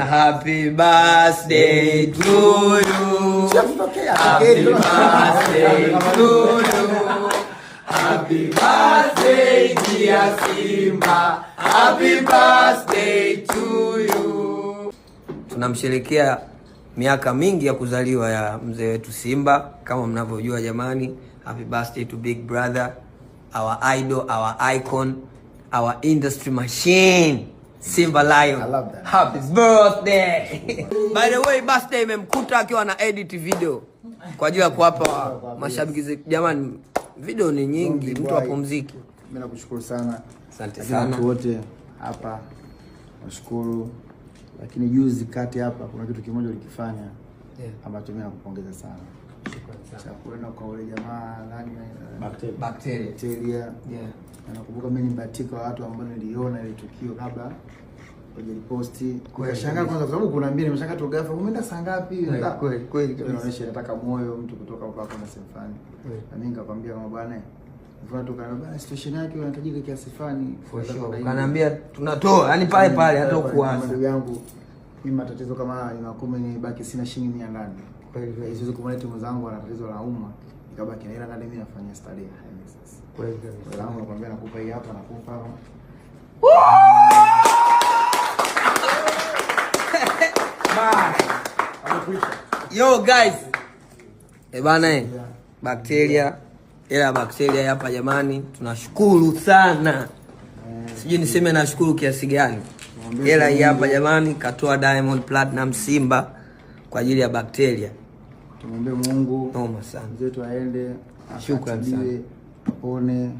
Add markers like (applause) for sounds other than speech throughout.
Happy birthday to you. Happy birthday to you. Happy birthday dear Simba. Happy birthday to you. Tunamsherekea miaka mingi ya kuzaliwa ya mzee wetu Simba kama mnavyojua jamani. Happy birthday to big brother, our idol, our icon, our industry machine. Simba Lion. I love that. Happy birthday. (laughs) By the way, birthday imemkuta akiwa na edit video kwa ajili ya kuwapa mashabiki zetu. Jamani, video ni nyingi, mtu apumzike. Mimi nakushukuru sana. Asante sana. Watu wote hapa nashukuru, lakini juzi kati hapa kuna kitu kimoja ulikifanya yeah, ambacho mimi nakupongeza sana cha kwa ule jamaa nani, eh, bakteria. Nakumbuka mimi nimbatika watu ambao niliona ile tukio kabla hujaliposti kashangaa kwanza, kwa sababu kuna mbili nimeshangaa tu ghafla, umeenda saa ngapi? Kweli kweli inaonyesha nataka moyo mtu kutoka huko hapo na sehemu fulani, na mimi nikakwambia kama bwana Mfano tu kana bana situation yake unahitajika kiasi fulani. For sure. Kanaambia tunatoa, yani pale pale hata ukuanza. Ndugu yangu, mimi matatizo kama haya ni makumi ni baki sina shilingi 800 kweli siwezi timu zangu nikabaki na hela ndani, mimi nafanya Kweli kweli, nakwambia, nakupa hii hapa, nakupa hapa (laughs) Yo guys. Eh bana eh. Bakteria. Ila ya bakteria hapa jamani, tunashukuru sana. Eh, sijui niseme nashukuru kiasi gani. Ela hii hapa jamani, katoa Diamond Platinum Simba kwa ajili ya bakteria tumwombe Mungu sana mzetu aende akatibiwe, apone.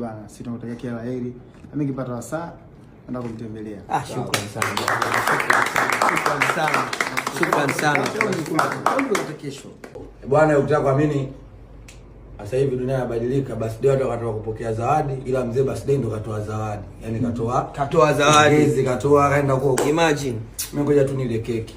bana, sisi tunakutakia kila la heri, nami nikipata wasaa naenda kumtembelea. Ah, shukrani sana, shukrani sana, shukrani sana. Kesho bwana, ukitaka kuamini sasa hivi dunia inabadilika, birthday watu wakatoa kupokea zawadi, ila mzee birthday ndo katoa zawadi, yani katoa katoa zawadi hizi, katoa kaenda huko. Imagine mimi ngoja tu nile keki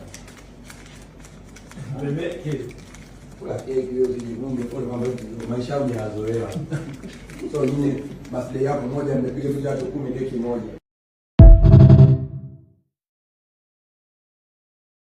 kula keki hiyo zijivumbe pole, kwamba maisha yangu yazoea. So nyinyi birthday yako moja mmepiga vitu watu kumi keki moja